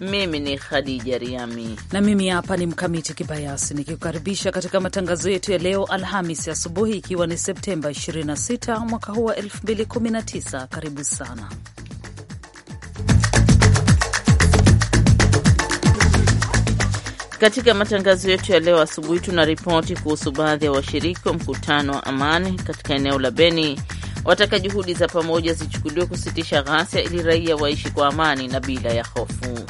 mimi ni Khadija Riami na mimi hapa ni Mkamiti Kibayasi nikikukaribisha katika matangazo yetu ya leo Alhamis asubuhi, ikiwa ni Septemba 26 mwaka huu wa 2019. Karibu sana. Katika matangazo yetu ya leo asubuhi tuna ripoti kuhusu baadhi ya washiriki wa mkutano wa amani katika eneo la Beni wataka juhudi za pamoja zichukuliwe kusitisha ghasia ili raia waishi kwa amani na bila ya hofu.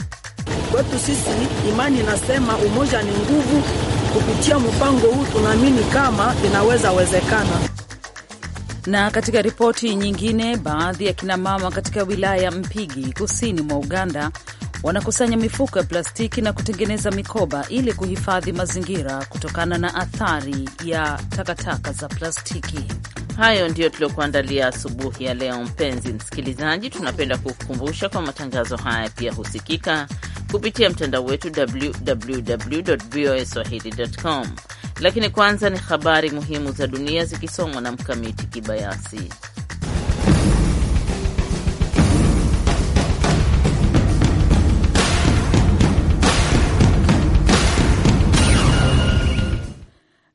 Kwetu sisi imani inasema umoja ni nguvu. Kupitia mpango huu tunaamini kama inaweza wezekana. Na katika ripoti nyingine, baadhi ya kinamama katika wilaya ya Mpigi kusini mwa Uganda wanakusanya mifuko ya plastiki na kutengeneza mikoba ili kuhifadhi mazingira kutokana na athari ya takataka za plastiki. Hayo ndiyo tuliokuandalia asubuhi ya leo. Mpenzi msikilizaji, tunapenda kukukumbusha kwa matangazo haya pia husikika kupitia mtandao wetu www voa swahili com. Lakini kwanza ni habari muhimu za dunia zikisomwa na Mkamiti Kibayasi.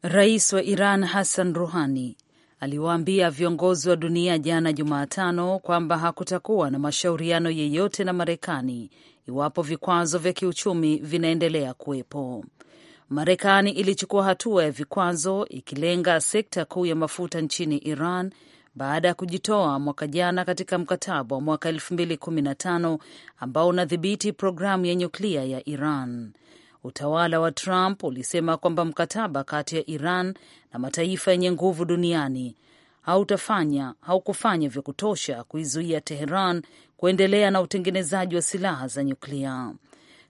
Rais wa Iran Hassan Rouhani aliwaambia viongozi wa dunia jana Jumatano kwamba hakutakuwa na mashauriano yeyote na Marekani iwapo vikwazo vya kiuchumi vinaendelea kuwepo. Marekani ilichukua hatua ya vikwazo ikilenga sekta kuu ya mafuta nchini Iran baada ya kujitoa mwaka jana katika mkataba wa mwaka 2015 ambao unadhibiti programu ya nyuklia ya Iran. Utawala wa Trump ulisema kwamba mkataba kati ya Iran na mataifa yenye nguvu duniani hautafanya haukufanya vya kutosha kuizuia Teheran kuendelea na utengenezaji wa silaha za nyuklia.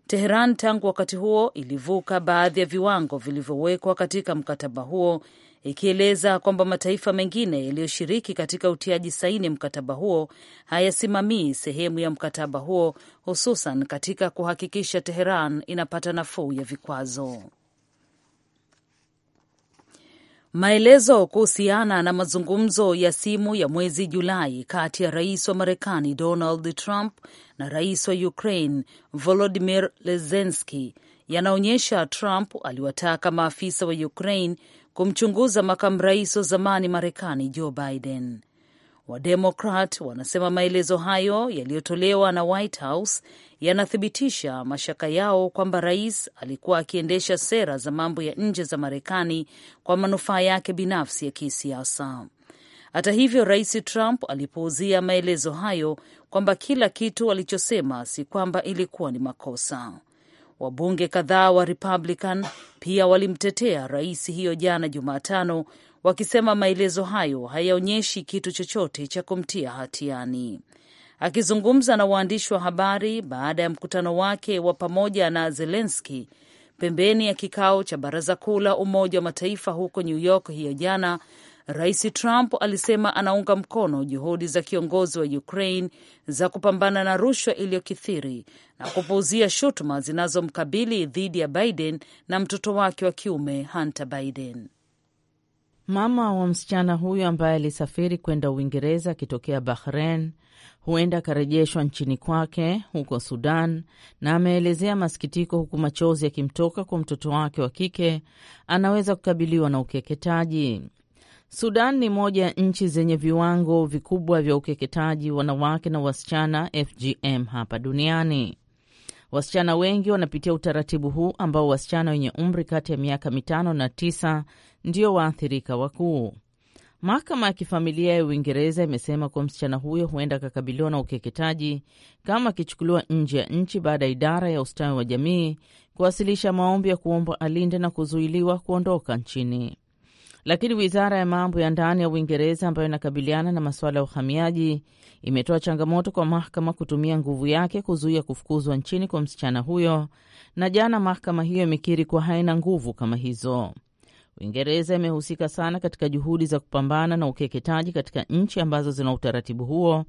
Teheran tangu wakati huo ilivuka baadhi ya viwango vilivyowekwa katika mkataba huo, ikieleza kwamba mataifa mengine yaliyoshiriki katika utiaji saini mkataba huo hayasimamii sehemu ya mkataba huo, hususan katika kuhakikisha Teheran inapata nafuu ya vikwazo. Maelezo kuhusiana na mazungumzo ya simu ya mwezi Julai kati ya rais wa Marekani Donald Trump na rais wa Ukraine Volodimir lezenski yanaonyesha Trump aliwataka maafisa wa Ukraine kumchunguza makamu rais wa zamani Marekani Joe Biden. Wademokrat wanasema maelezo hayo yaliyotolewa na White House yanathibitisha mashaka yao kwamba rais alikuwa akiendesha sera za mambo ya nje za Marekani kwa manufaa yake binafsi ya kisiasa. Hata hivyo, rais Trump alipouzia maelezo hayo kwamba kila kitu alichosema si kwamba ilikuwa ni makosa. Wabunge kadhaa wa Republican pia walimtetea rais hiyo jana Jumatano, wakisema maelezo hayo hayaonyeshi kitu chochote cha kumtia hatiani. Akizungumza na waandishi wa habari baada ya mkutano wake wa pamoja na Zelenski pembeni ya kikao cha baraza kuu la Umoja wa Mataifa huko New York hiyo jana, Rais Trump alisema anaunga mkono juhudi za kiongozi wa Ukraine za kupambana na rushwa iliyokithiri na kupuuzia shutuma zinazomkabili dhidi ya Biden na mtoto wake wa kiume Hunter Biden. Mama wa msichana huyo ambaye alisafiri kwenda Uingereza akitokea Bahrain huenda akarejeshwa nchini kwake huko Sudan, na ameelezea masikitiko, huku machozi yakimtoka kwa mtoto wake wa kike anaweza kukabiliwa na ukeketaji. Sudan ni moja ya nchi zenye viwango vikubwa vya ukeketaji wanawake na wasichana FGM hapa duniani. Wasichana wengi wanapitia utaratibu huu ambao wasichana wenye umri kati ya miaka mitano na tisa ndio waathirika wakuu. Mahakama ya kifamilia ya Uingereza imesema kuwa msichana huyo huenda akakabiliwa na ukeketaji kama akichukuliwa nje ya nchi baada ya idara ya ustawi wa jamii kuwasilisha maombi ya kuombwa alinde na kuzuiliwa kuondoka nchini. Lakini wizara ya mambo ya ndani ya Uingereza ambayo inakabiliana na masuala ya uhamiaji imetoa changamoto kwa mahakama kutumia nguvu yake kuzuia kufukuzwa nchini kwa msichana huyo, na jana mahakama hiyo imekiri kuwa haina nguvu kama hizo. Uingereza imehusika sana katika juhudi za kupambana na ukeketaji katika nchi ambazo zina utaratibu huo,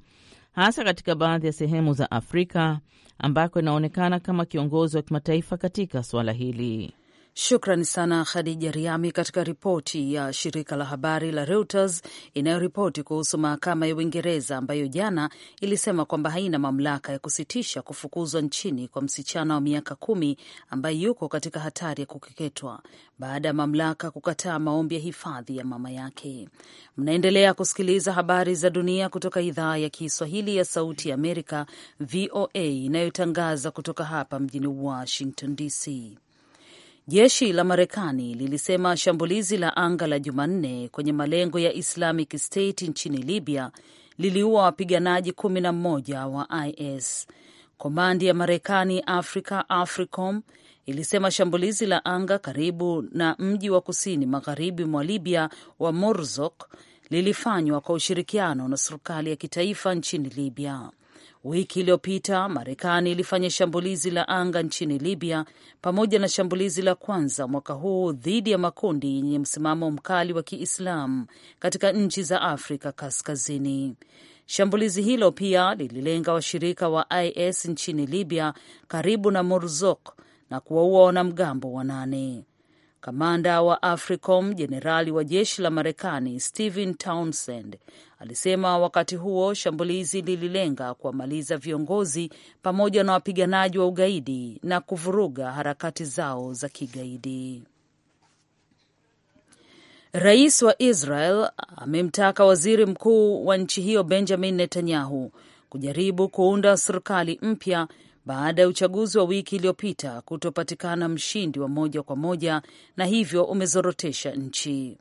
hasa katika baadhi ya sehemu za Afrika ambako inaonekana kama kiongozi wa kimataifa katika suala hili. Shukran sana Khadija Riami. Katika ripoti ya shirika la habari la Reuters inayoripoti kuhusu mahakama ya Uingereza ambayo jana ilisema kwamba haina mamlaka ya kusitisha kufukuzwa nchini kwa msichana wa miaka kumi ambaye yuko katika hatari ya kukeketwa baada ya mamlaka kukataa maombi ya hifadhi ya mama yake. Mnaendelea kusikiliza habari za dunia kutoka idhaa ya Kiswahili ya Sauti ya Amerika, VOA, inayotangaza kutoka hapa mjini Washington DC. Jeshi la Marekani lilisema shambulizi la anga la Jumanne kwenye malengo ya Islamic State nchini Libya liliua wapiganaji kumi na mmoja wa IS. Komandi ya Marekani africa AFRICOM, ilisema shambulizi la anga karibu na mji wa kusini magharibi mwa Libya wa Morzok lilifanywa kwa ushirikiano na serikali ya kitaifa nchini Libya. Wiki iliyopita Marekani ilifanya shambulizi la anga nchini Libya pamoja na shambulizi la kwanza mwaka huu dhidi ya makundi yenye msimamo mkali wa Kiislamu katika nchi za Afrika Kaskazini. Shambulizi hilo pia lililenga washirika wa IS nchini Libya karibu na Morzok na kuwaua wanamgambo wanane. Kamanda wa AFRICOM jenerali wa jeshi la Marekani Stephen Townsend alisema wakati huo shambulizi lililenga kuwamaliza viongozi pamoja na wapiganaji wa ugaidi na kuvuruga harakati zao za kigaidi. Rais wa Israel amemtaka waziri mkuu wa nchi hiyo Benjamin Netanyahu kujaribu kuunda serikali mpya baada ya uchaguzi wa wiki iliyopita kutopatikana mshindi wa moja kwa moja na hivyo umezorotesha nchi.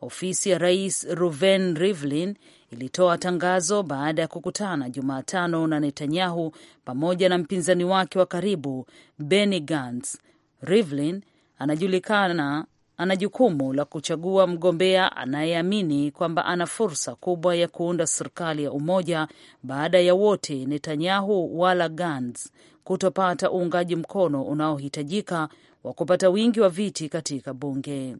Ofisi ya rais Ruven Rivlin ilitoa tangazo baada ya kukutana Jumatano na Netanyahu pamoja na mpinzani wake wa karibu Benny Gantz. Rivlin anajulikana ana jukumu la kuchagua mgombea anayeamini kwamba ana fursa kubwa ya kuunda serikali ya umoja baada ya wote Netanyahu wala Gantz kutopata uungaji mkono unaohitajika wa kupata wingi wa viti katika bunge.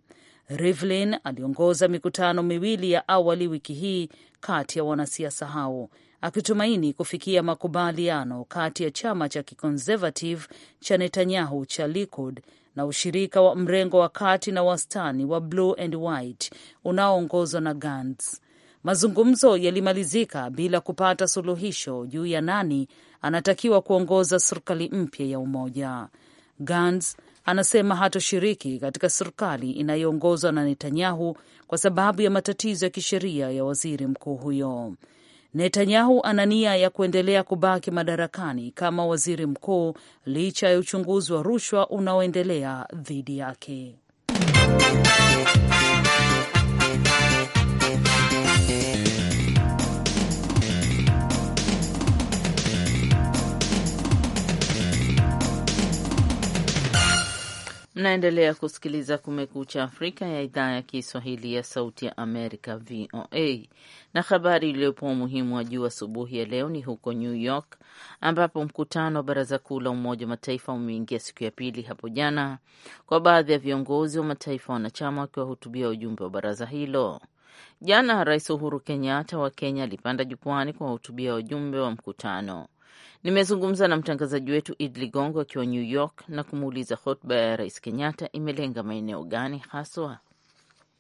Rivlin aliongoza mikutano miwili ya awali wiki hii kati ya wanasiasa hao akitumaini kufikia makubaliano kati ya chama cha kiconservative cha Netanyahu cha Likud na ushirika wa mrengo wa kati na wastani wa Blue and White unaoongozwa na Gantz. Mazungumzo yalimalizika bila kupata suluhisho juu ya nani anatakiwa kuongoza serikali mpya ya umoja. Gantz anasema hatoshiriki katika serikali inayoongozwa na Netanyahu kwa sababu ya matatizo ya kisheria ya waziri mkuu huyo. Netanyahu ana nia ya kuendelea kubaki madarakani kama waziri mkuu licha ya uchunguzi wa rushwa unaoendelea dhidi yake. Mnaendelea kusikiliza Kumekucha Afrika ya idhaa ya Kiswahili ya Sauti ya Amerika, VOA. Na habari iliyopo umuhimu wa juu asubuhi ya leo ni huko New York, ambapo mkutano wa Baraza Kuu la Umoja wa Mataifa umeingia siku ya pili hapo jana, kwa baadhi ya viongozi wa mataifa wanachama wakiwahutubia ujumbe wa baraza hilo. Jana Rais Uhuru Kenyatta wa Kenya alipanda jukwani kuwahutubia wajumbe wa mkutano. Nimezungumza na mtangazaji wetu Id Ligongo akiwa New York na kumuuliza hotuba ya Rais Kenyatta imelenga maeneo gani haswa.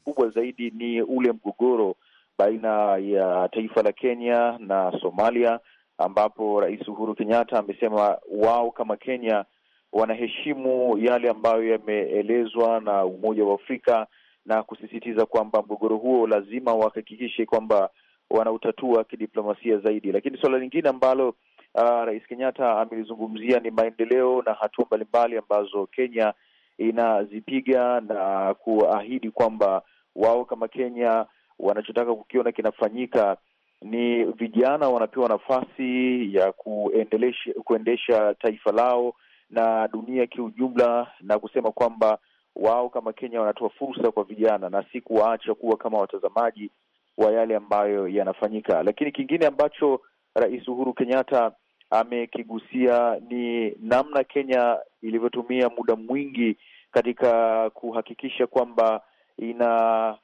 Kubwa zaidi ni ule mgogoro baina ya taifa la Kenya na Somalia, ambapo Rais Uhuru Kenyatta amesema wao kama Kenya wanaheshimu yale ambayo yameelezwa na Umoja wa Afrika na kusisitiza kwamba mgogoro huo lazima wahakikishe kwamba wanautatua kidiplomasia zaidi. Lakini suala lingine ambalo uh, Rais Kenyatta amelizungumzia ni maendeleo na hatua mbalimbali ambazo Kenya inazipiga na kuahidi kwamba wao kama Kenya wanachotaka kukiona kinafanyika ni vijana wanapewa nafasi ya kuendelesha, kuendesha taifa lao na dunia kiujumla, na kusema kwamba wao kama Kenya wanatoa fursa kwa vijana na si kuwaacha kuwa kama watazamaji wa yale ambayo yanafanyika. Lakini kingine ambacho Rais Uhuru Kenyatta amekigusia ni namna Kenya ilivyotumia muda mwingi katika kuhakikisha kwamba inalinda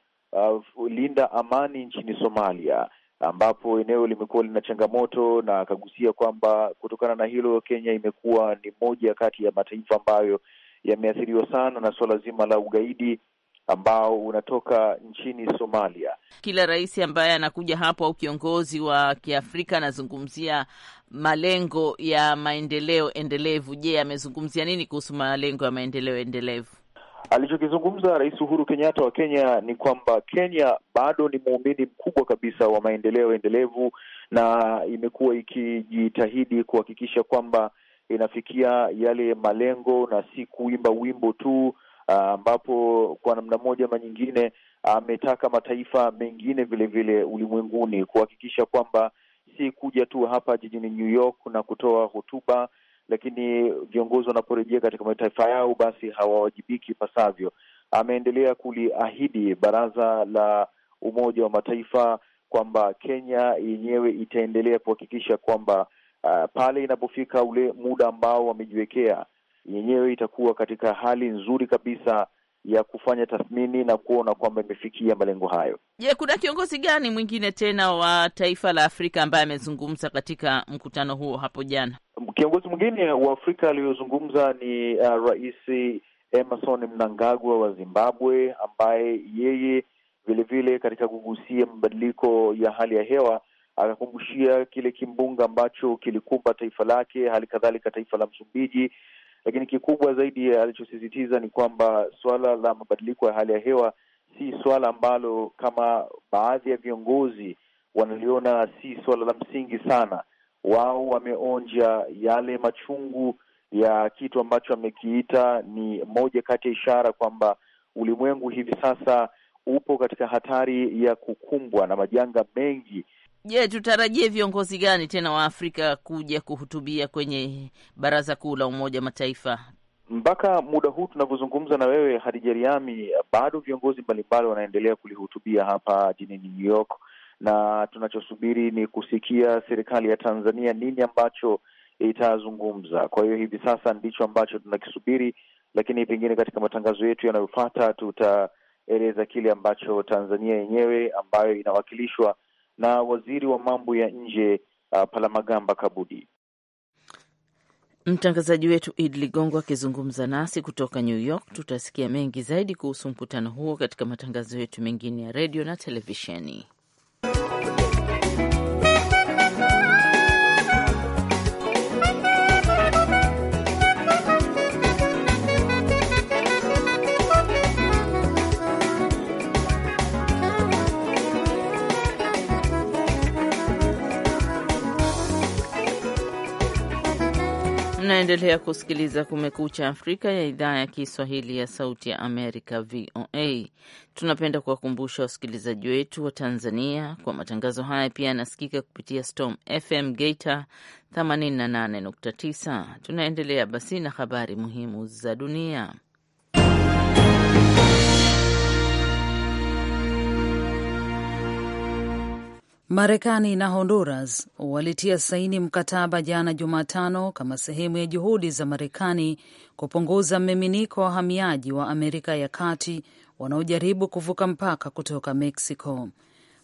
uh, amani nchini Somalia ambapo eneo limekuwa lina changamoto, na akagusia kwamba kutokana na hilo Kenya imekuwa ni moja kati ya mataifa ambayo yameathiriwa sana na suala zima la ugaidi ambao unatoka nchini Somalia. Kila rais ambaye anakuja hapo au kiongozi wa Kiafrika anazungumzia malengo ya maendeleo endelevu. Je, amezungumzia nini kuhusu malengo ya maendeleo endelevu? Alichokizungumza Rais Uhuru Kenyatta wa Kenya ni kwamba Kenya bado ni muumini mkubwa kabisa wa maendeleo endelevu na imekuwa ikijitahidi kuhakikisha kwamba inafikia yale malengo na si kuimba wimbo tu Ah, ambapo uh, kwa namna moja ama nyingine ah, ametaka uh, mataifa mengine vilevile ulimwenguni kuhakikisha kwamba si kuja tu hapa jijini New York na kutoa hotuba, lakini viongozi wanaporejea katika mataifa yao basi hawawajibiki ipasavyo. Ameendelea kuliahidi baraza la Umoja wa Mataifa kwamba Kenya yenyewe itaendelea kuhakikisha kwamba uh, pale inapofika ule muda ambao wamejiwekea yenyewe itakuwa katika hali nzuri kabisa ya kufanya tathmini na kuona kwamba imefikia malengo hayo. Je, kuna kiongozi gani mwingine tena wa taifa la Afrika ambaye amezungumza katika mkutano huo hapo jana? Kiongozi mwingine wa Afrika aliyozungumza ni uh, Rais Emerson Mnangagwa wa Zimbabwe, ambaye yeye vilevile katika kugusia mabadiliko ya hali ya hewa akakumbushia kile kimbunga ambacho kilikumba taifa lake, hali kadhalika taifa la Msumbiji lakini kikubwa zaidi alichosisitiza ni kwamba suala la mabadiliko ya hali ya hewa si suala ambalo kama baadhi ya viongozi wanaliona si suala la msingi sana. Wao wameonja yale machungu ya kitu ambacho amekiita ni moja kati ya ishara kwamba ulimwengu hivi sasa upo katika hatari ya kukumbwa na majanga mengi Je, tutarajie viongozi gani tena wa Afrika kuja kuhutubia kwenye Baraza Kuu la Umoja Mataifa? Mpaka muda huu tunavyozungumza na wewe Hadija Riami, bado viongozi mbalimbali wanaendelea kulihutubia hapa jijini New York, na tunachosubiri ni kusikia serikali ya Tanzania nini ambacho itazungumza. Kwa hiyo hivi sasa ndicho ambacho tunakisubiri, lakini pengine katika matangazo yetu yanayofuata tutaeleza kile ambacho Tanzania yenyewe ambayo inawakilishwa na waziri wa mambo ya nje uh, Palamagamba Kabudi. Mtangazaji wetu Id Ligongo akizungumza nasi kutoka New York. Tutasikia mengi zaidi kuhusu mkutano huo katika matangazo yetu mengine ya redio na televisheni. Mnaendelea kusikiliza Kumekucha Afrika ya idhaa ya Kiswahili ya Sauti ya Amerika, VOA. Tunapenda kuwakumbusha wasikilizaji wetu wa Tanzania kwa matangazo haya pia yanasikika kupitia Storm FM Geita 88.9. Tunaendelea basi na habari muhimu za dunia. Marekani na Honduras walitia saini mkataba jana Jumatano kama sehemu ya juhudi za Marekani kupunguza mmiminiko wa wahamiaji wa Amerika ya Kati wanaojaribu kuvuka mpaka kutoka Mexico.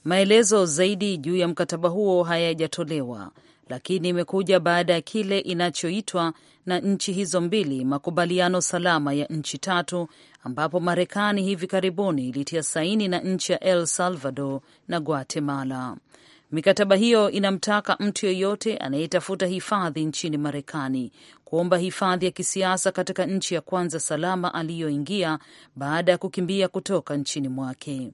Maelezo zaidi juu ya mkataba huo hayajatolewa, lakini imekuja baada ya kile inachoitwa na nchi hizo mbili makubaliano salama ya nchi tatu, ambapo Marekani hivi karibuni ilitia saini na nchi ya El Salvador na Guatemala. Mikataba hiyo inamtaka mtu yeyote anayetafuta hifadhi nchini Marekani kuomba hifadhi ya kisiasa katika nchi ya kwanza salama aliyoingia baada ya kukimbia kutoka nchini mwake.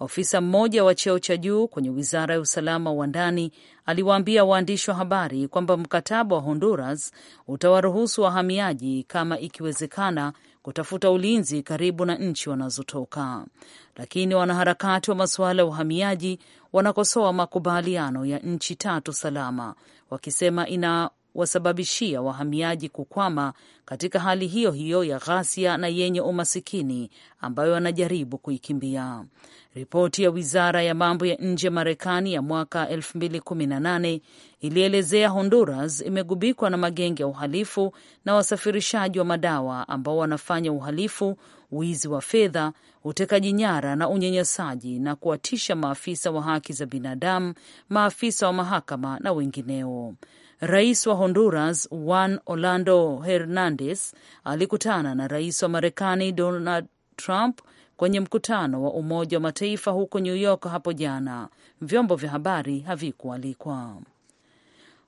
Ofisa mmoja wa cheo cha juu kwenye wizara ya usalama wa ndani aliwaambia waandishi wa habari kwamba mkataba wa Honduras utawaruhusu wahamiaji, kama ikiwezekana, kutafuta ulinzi karibu na nchi wanazotoka, lakini wanaharakati wa masuala ya uhamiaji wanakosoa makubaliano ya nchi tatu salama, wakisema ina wasababishia wahamiaji kukwama katika hali hiyo hiyo ya ghasia na yenye umasikini ambayo wanajaribu kuikimbia. Ripoti ya wizara ya mambo ya nje ya Marekani ya mwaka 2018 ilielezea Honduras imegubikwa na magenge ya uhalifu na wasafirishaji wa madawa ambao wanafanya uhalifu, wizi wa fedha, utekaji nyara na unyanyasaji, na kuwatisha maafisa wa haki za binadamu, maafisa wa mahakama na wengineo. Rais wa Honduras Juan Orlando Hernandez alikutana na rais wa Marekani Donald Trump kwenye mkutano wa Umoja wa Mataifa huko New York hapo jana. Vyombo vya habari havikualikwa.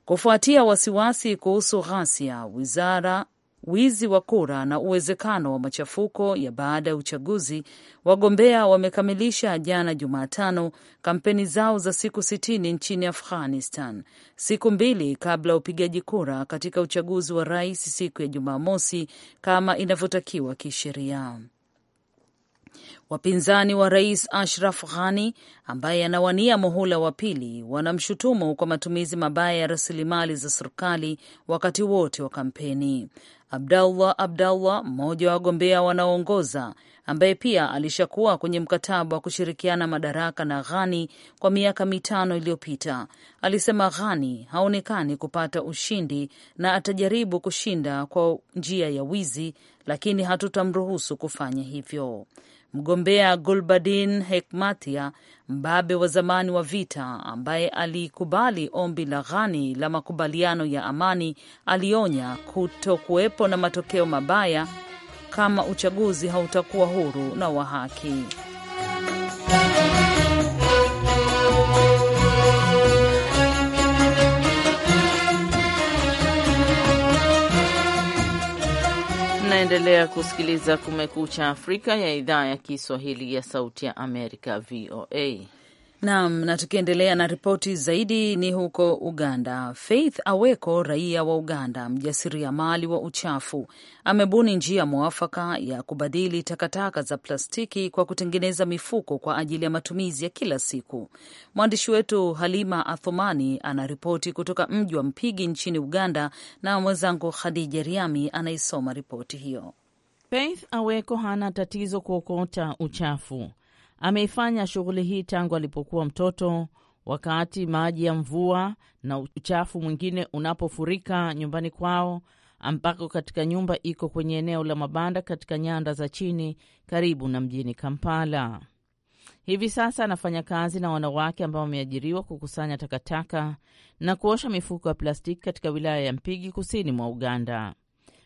Kufuatia wasiwasi kuhusu ghasia, wizara wizi wa kura na uwezekano wa machafuko ya baada ya uchaguzi, wagombea wamekamilisha jana Jumatano kampeni zao za siku sitini nchini Afghanistan, siku mbili kabla ya upigaji kura katika uchaguzi wa rais siku ya Jumamosi kama inavyotakiwa kisheria. Wapinzani wa rais Ashraf Ghani ambaye anawania muhula wa pili wanamshutumu kwa matumizi mabaya ya rasilimali za serikali wakati wote wa kampeni. Abdallah Abdallah, mmoja wa wagombea wanaoongoza ambaye pia alishakuwa kwenye mkataba wa kushirikiana madaraka na Ghani kwa miaka mitano iliyopita, alisema Ghani haonekani kupata ushindi na atajaribu kushinda kwa njia ya wizi, lakini hatutamruhusu kufanya hivyo. Mgombea Gulbadin Hekmatia, mbabe wa zamani wa vita, ambaye alikubali ombi la Ghani la makubaliano ya amani, alionya kutokuwepo na matokeo mabaya kama uchaguzi hautakuwa huru na wa haki. Unaendelea kusikiliza Kumekucha Afrika ya idhaa ya Kiswahili ya Sauti ya Amerika, VOA. Naam, na tukiendelea na ripoti zaidi ni huko Uganda. Faith Aweko, raia wa Uganda, mjasiriamali wa uchafu, amebuni njia mwafaka ya kubadili takataka za plastiki kwa kutengeneza mifuko kwa ajili ya matumizi ya kila siku. Mwandishi wetu Halima Athumani anaripoti kutoka mji wa Mpigi nchini Uganda, na mwenzangu Khadija Riami anaisoma ripoti hiyo. Faith Aweko hana tatizo kuokota uchafu Ameifanya shughuli hii tangu alipokuwa mtoto. Wakati maji ya mvua na uchafu mwingine unapofurika nyumbani kwao ambako katika nyumba iko kwenye eneo la mabanda katika nyanda za chini karibu na mjini Kampala. Hivi sasa anafanya kazi na wanawake ambao wameajiriwa kukusanya takataka na kuosha mifuko ya plastiki katika wilaya ya Mpigi kusini mwa Uganda.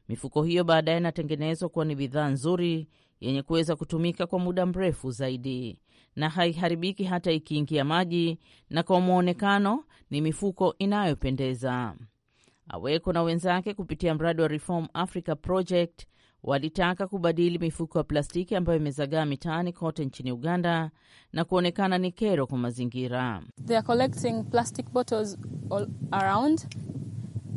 Mifuko hiyo baadaye inatengenezwa kuwa ni bidhaa nzuri yenye kuweza kutumika kwa muda mrefu zaidi na haiharibiki hata ikiingia maji, na kwa mwonekano ni mifuko inayopendeza. Aweko na wenzake kupitia mradi wa Reform Africa Project walitaka kubadili mifuko ya plastiki ambayo imezagaa mitaani kote nchini Uganda na kuonekana ni kero kwa mazingira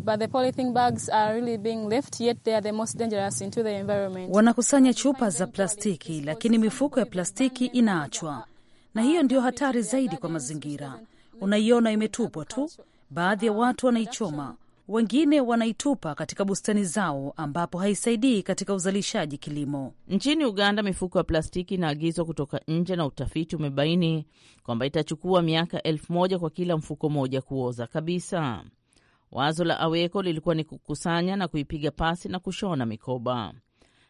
but the polythene bags are really being left, yet they are the most dangerous into the environment. Wanakusanya chupa za plastiki, lakini mifuko ya plastiki inaachwa, na hiyo ndio hatari zaidi kwa mazingira. Unaiona imetupwa tu, baadhi ya watu wanaichoma, wengine wanaitupa katika bustani zao, ambapo haisaidii katika uzalishaji kilimo. Nchini Uganda, mifuko ya plastiki inaagizwa kutoka nje, na utafiti umebaini kwamba itachukua miaka elfu moja kwa kila mfuko moja kuoza kabisa. Wazo la Aweko lilikuwa ni kukusanya na kuipiga pasi na kushona mikoba.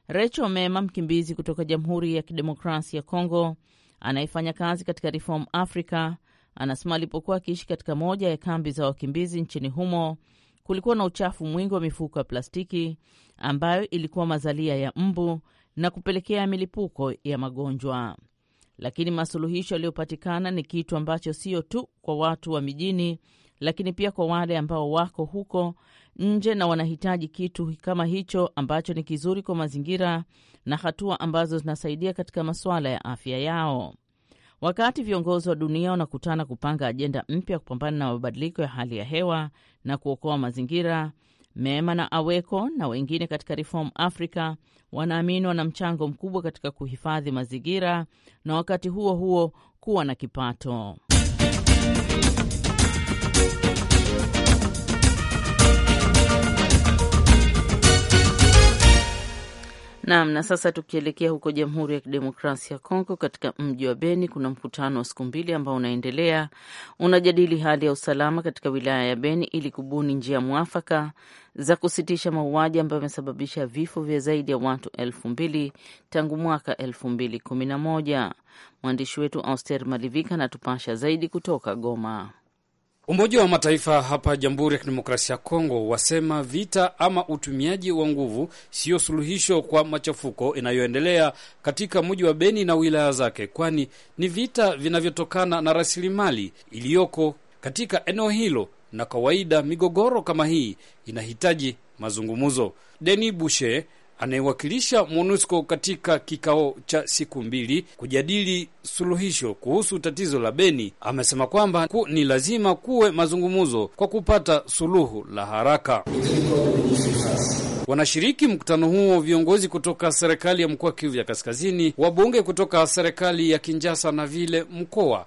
Recho Mema, mkimbizi kutoka Jamhuri ya Kidemokrasia ya Kongo anayefanya kazi katika Reform Africa, anasema alipokuwa akiishi katika moja ya kambi za wakimbizi nchini humo kulikuwa na uchafu mwingi wa mifuko ya plastiki ambayo ilikuwa mazalia ya mbu na kupelekea milipuko ya magonjwa. Lakini masuluhisho yaliyopatikana ni kitu ambacho sio tu kwa watu wa mijini, lakini pia kwa wale ambao wako huko nje na wanahitaji kitu kama hicho ambacho ni kizuri kwa mazingira na hatua ambazo zinasaidia katika masuala ya afya yao. Wakati viongozi wa dunia wanakutana kupanga ajenda mpya kupambana na mabadiliko ya hali ya hewa na kuokoa mazingira, Mema na Aweko na wengine katika Reform Africa wanaamini wana mchango mkubwa katika kuhifadhi mazingira na wakati huo huo kuwa na kipato. Naam, na sasa tukielekea huko Jamhuri ya Kidemokrasia ya Kongo, katika mji wa Beni kuna mkutano wa siku mbili ambao unaendelea, unajadili hali ya usalama katika wilaya ya Beni ili kubuni njia mwafaka za kusitisha mauaji ambayo yamesababisha vifo vya zaidi ya watu elfu mbili tangu mwaka elfu mbili kumi na moja. Mwandishi wetu Auster Malivika anatupasha zaidi kutoka Goma. Umoja wa Mataifa hapa Jamhuri ya Kidemokrasia ya Kongo wasema vita ama utumiaji wa nguvu siyo suluhisho kwa machafuko inayoendelea katika mji wa Beni na wilaya zake, kwani ni vita vinavyotokana na rasilimali iliyoko katika eneo hilo, na kawaida migogoro kama hii inahitaji mazungumzo. Denis Bushe anayewakilisha MONUSCO katika kikao cha siku mbili kujadili suluhisho kuhusu tatizo la Beni amesema kwamba ku, ni lazima kuwe mazungumzo kwa kupata suluhu la haraka. Wanashiriki mkutano huo viongozi kutoka serikali ya mkoa Kivu ya Kaskazini, wabunge kutoka serikali ya Kinjasa na vile mkoa,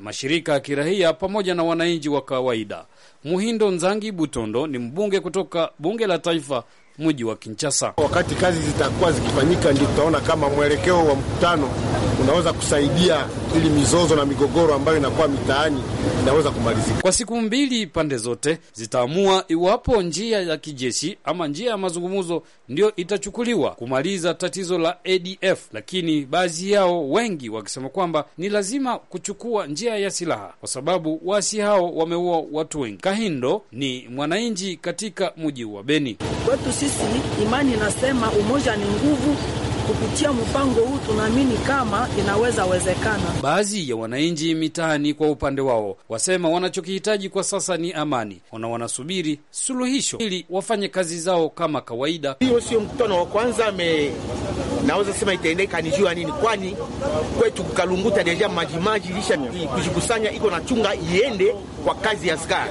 mashirika ya kirahia pamoja na wananchi wa kawaida. Muhindo Nzangi Butondo ni mbunge kutoka bunge la taifa mji wa Kinshasa. Wakati kazi zitakuwa zikifanyika, ndio tutaona kama mwelekeo wa mkutano unaweza kusaidia ili mizozo na migogoro ambayo inakuwa mitaani inaweza kumalizika. Kwa siku mbili, pande zote zitaamua iwapo njia ya kijeshi ama njia ya mazungumzo ndio itachukuliwa kumaliza tatizo la ADF, lakini baadhi yao wengi wakisema kwamba ni lazima kuchukua njia ya silaha kwa sababu waasi hao wameua watu wengi. Kahindo ni mwananchi katika mji wa Beni. Kwetu sisi imani inasema umoja ni nguvu Kupitia mpango huu tunaamini kama inaweza wezekana. Baadhi ya wananchi mitaani kwa upande wao wasema wanachokihitaji kwa sasa ni amani, wana wanasubiri suluhisho ili wafanye kazi zao kama kawaida. Hiyo sio mkutano wa kwanza me naweza sema itaendeka ni ya nini, kwani kwetu Kalunguta deja majimaji lisha kujikusanya iko na chunga iende kwa kazi ya askari.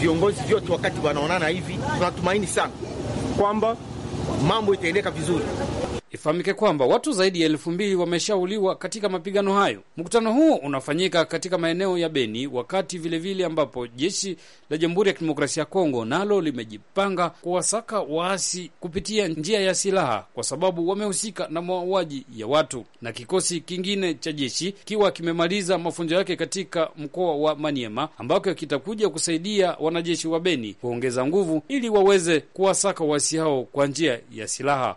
Viongozi vyote wakati wanaonana hivi, tunatumaini sana kwamba mambo itaendeka vizuri. Ifahamike kwamba watu zaidi ya elfu mbili wameshauliwa katika mapigano hayo. Mkutano huo unafanyika katika maeneo ya Beni, wakati vilevile vile ambapo jeshi la Jamhuri ya Kidemokrasia ya Kongo nalo limejipanga kuwasaka waasi kupitia njia ya silaha, kwa sababu wamehusika na mauaji ya watu, na kikosi kingine cha jeshi kiwa kimemaliza mafunzo yake katika mkoa wa Maniema, ambako kitakuja kusaidia wanajeshi wa Beni kuongeza nguvu ili waweze kuwasaka waasi hao kwa njia ya silaha.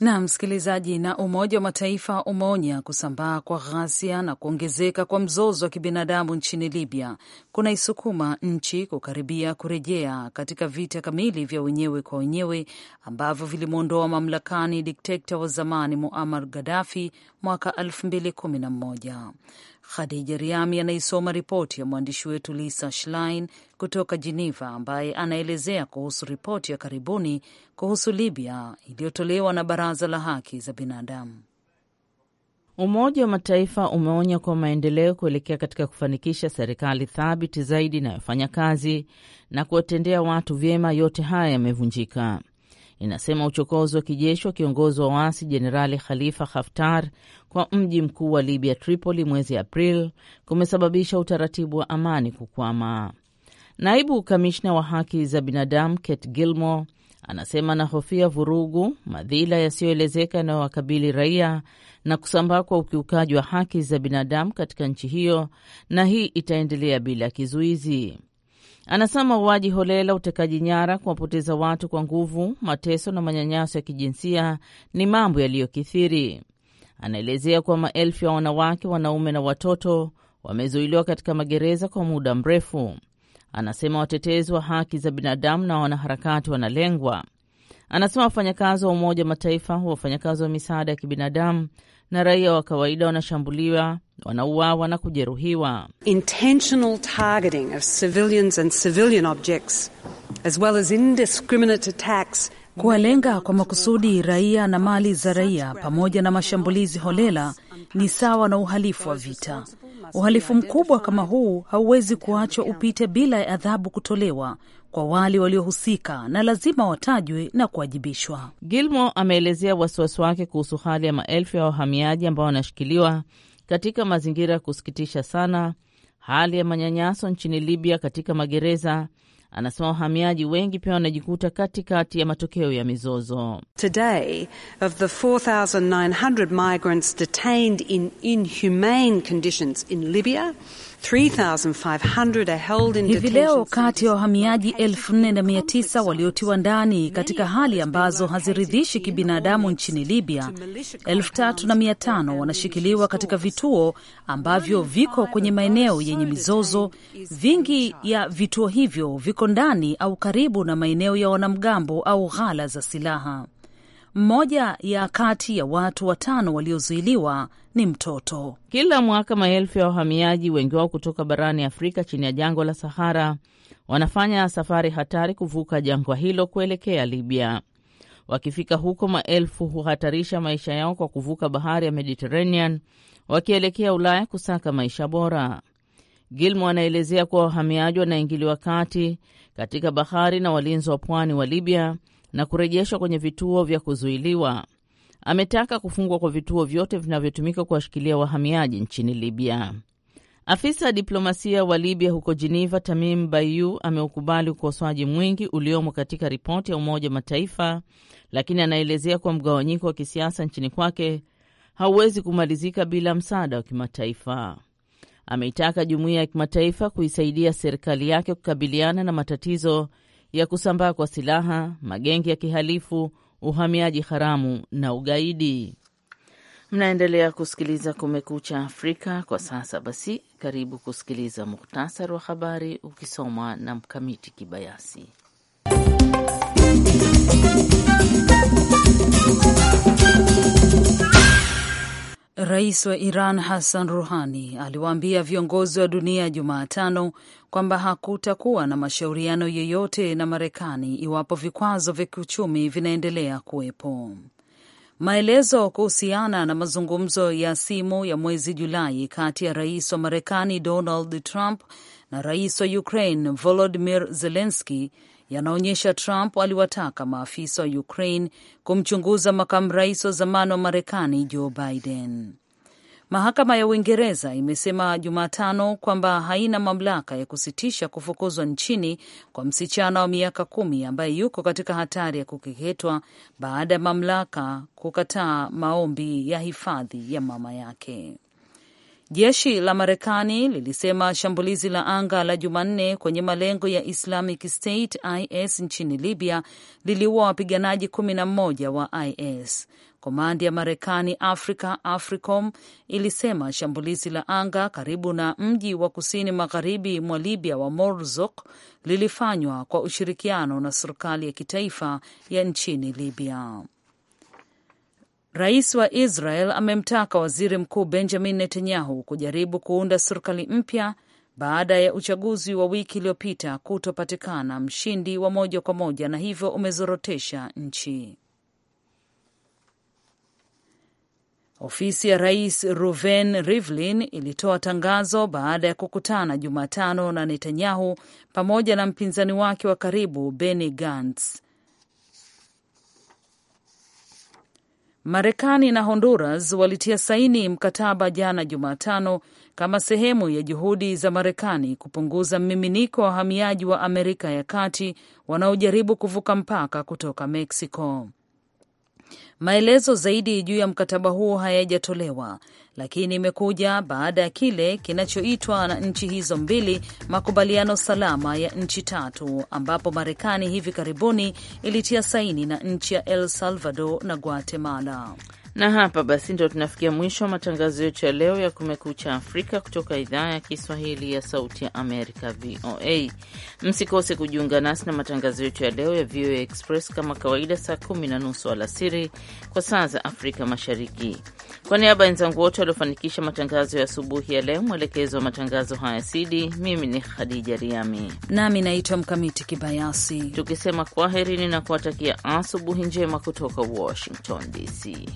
Na msikilizaji, na Umoja wa Mataifa umeonya kusambaa kwa ghasia na kuongezeka kwa mzozo wa kibinadamu nchini Libya kunaisukuma nchi kukaribia kurejea katika vita kamili vya wenyewe kwa wenyewe ambavyo vilimwondoa mamlakani dikteta wa zamani Muammar Gaddafi mwaka 2011. Khadija Riami anaisoma ripoti ya mwandishi wetu Lisa Schlein kutoka Jeneva, ambaye anaelezea kuhusu ripoti ya karibuni kuhusu Libya iliyotolewa na Baraza la Haki za Binadamu. Umoja wa Mataifa umeonya kuwa maendeleo kuelekea katika kufanikisha serikali thabiti zaidi inayofanya kazi na kuwatendea watu vyema, yote haya yamevunjika inasema uchokozi wa kijeshi wa kiongozi wa waasi Jenerali Khalifa Haftar kwa mji mkuu wa Libya, Tripoli, mwezi april kumesababisha utaratibu wa amani kukwama. Naibu kamishna wa haki za binadamu Kate Gilmore anasema anahofia vurugu, madhila yasiyoelezeka yanayowakabili raia na kusambaa kwa ukiukaji wa haki za binadamu katika nchi hiyo, na hii itaendelea bila kizuizi. Anasema mauaji holela, utekaji nyara, kuwapoteza watu kwa nguvu, mateso na manyanyaso ya kijinsia ni mambo yaliyokithiri. Anaelezea kuwa maelfu ya wanawake, wanaume na watoto wamezuiliwa katika magereza kwa muda mrefu. Anasema watetezi wa haki za binadamu na wanaharakati wanalengwa Anasema wafanyakazi wa Umoja wa Mataifa, wafanyakazi wa misaada ya kibinadamu na raia wa kawaida wanashambuliwa, wanauawa na kujeruhiwa. Intentional targeting of civilians and civilian objects as well as indiscriminate attacks kuwalenga kwa makusudi raia na mali za raia pamoja na mashambulizi holela ni sawa na uhalifu wa vita. Uhalifu mkubwa kama huu hauwezi kuachwa upite bila ya adhabu kutolewa kwa wale waliohusika na lazima watajwe na kuwajibishwa. Gilmore ameelezea wasiwasi wake kuhusu hali ya maelfu ya wahamiaji ambao wanashikiliwa katika mazingira ya kusikitisha sana, hali ya manyanyaso nchini Libya katika magereza. Anasema wahamiaji wengi pia wanajikuta katikati ya matokeo ya mizozo. Today of the 4900 migrants detained in inhumane conditions in Libya Hivi leo kati ya wahamiaji 4900 waliotiwa ndani katika hali ambazo haziridhishi kibinadamu nchini Libya, 3500 wanashikiliwa katika vituo ambavyo viko kwenye maeneo yenye mizozo. Vingi ya vituo hivyo viko ndani au karibu na maeneo ya wanamgambo au ghala za silaha. Mmoja ya kati ya watu watano waliozuiliwa ni mtoto. Kila mwaka maelfu ya wahamiaji, wengi wao kutoka barani Afrika chini ya jangwa la Sahara, wanafanya safari hatari kuvuka jangwa hilo kuelekea Libya. Wakifika huko, maelfu huhatarisha maisha yao kwa kuvuka bahari ya Mediterranean wakielekea Ulaya kusaka maisha bora. Gilmo anaelezea kuwa wahamiaji wanaingiliwa kati katika bahari na walinzi wa pwani wa Libya na kurejeshwa kwenye vituo vya kuzuiliwa. Ametaka kufungwa kwa vituo vyote vinavyotumika kuwashikilia wahamiaji nchini Libya. Afisa wa diplomasia wa Libya huko Jeneva, Tamim Bayu, ameukubali ukosoaji mwingi uliomo katika ripoti ya Umoja wa Mataifa, lakini anaelezea kuwa mgawanyiko wa kisiasa nchini kwake hauwezi kumalizika bila msaada wa kimataifa. Ameitaka jumuiya ya kimataifa kuisaidia serikali yake kukabiliana na matatizo ya kusambaa kwa silaha, magengi ya kihalifu, uhamiaji haramu na ugaidi. Mnaendelea kusikiliza Kumekucha Afrika kwa sasa. Basi karibu kusikiliza muhtasari wa habari ukisomwa na Mkamiti Kibayasi. Rais wa Iran Hassan ruhani aliwaambia viongozi wa dunia Jumatano kwamba hakutakuwa na mashauriano yeyote na Marekani iwapo vikwazo vya kiuchumi vinaendelea kuwepo. Maelezo kuhusiana na mazungumzo ya simu ya mwezi Julai kati ya rais wa Marekani Donald Trump na rais wa Ukraine volodimir zelenski yanaonyesha Trump aliwataka maafisa wa Ukraine kumchunguza makamu rais wa zamani wa Marekani Joe Biden. Mahakama ya Uingereza imesema Jumatano kwamba haina mamlaka ya kusitisha kufukuzwa nchini kwa msichana wa miaka kumi ambaye yuko katika hatari ya kukeketwa baada ya mamlaka kukataa maombi ya hifadhi ya mama yake. Jeshi la Marekani lilisema shambulizi la anga la Jumanne kwenye malengo ya Islamic State IS nchini Libya liliua wapiganaji kumi na mmoja wa IS. Komandi ya Marekani africa AFRICOM, ilisema shambulizi la anga karibu na mji wa kusini magharibi mwa Libya wa Morzuk lilifanywa kwa ushirikiano na serikali ya kitaifa ya nchini Libya. Rais wa Israel amemtaka waziri mkuu Benjamin Netanyahu kujaribu kuunda serikali mpya baada ya uchaguzi wa wiki iliyopita kutopatikana mshindi wa moja kwa moja na hivyo umezorotesha nchi. Ofisi ya rais Ruven Rivlin ilitoa tangazo baada ya kukutana Jumatano na Netanyahu pamoja na mpinzani wake wa karibu Benny Gantz. Marekani na Honduras walitia saini mkataba jana Jumatano kama sehemu ya juhudi za Marekani kupunguza mmiminiko wa wahamiaji wa Amerika ya Kati wanaojaribu kuvuka mpaka kutoka Mexico. Maelezo zaidi juu ya mkataba huo hayajatolewa, lakini imekuja baada ya kile kinachoitwa na nchi hizo mbili makubaliano salama ya nchi tatu, ambapo Marekani hivi karibuni ilitia saini na nchi ya El Salvador na Guatemala. Na hapa basi ndio tunafikia mwisho wa matangazo yetu ya leo ya Kumekucha Afrika kutoka idhaa ya Kiswahili ya Sauti ya Amerika, VOA. Msikose kujiunga nasi na matangazo yetu ya leo ya VOA Express kama kawaida, saa kumi na nusu alasiri kwa saa za Afrika Mashariki. Kwa niaba ya wenzangu wote waliofanikisha matangazo ya asubuhi ya leo, mwelekezi wa matangazo haya Sidi, mimi ni Khadija Riami nami naitwa Mkamiti Kibayasi, tukisema kwaherini na kuwatakia asubuhi njema kutoka Washington DC.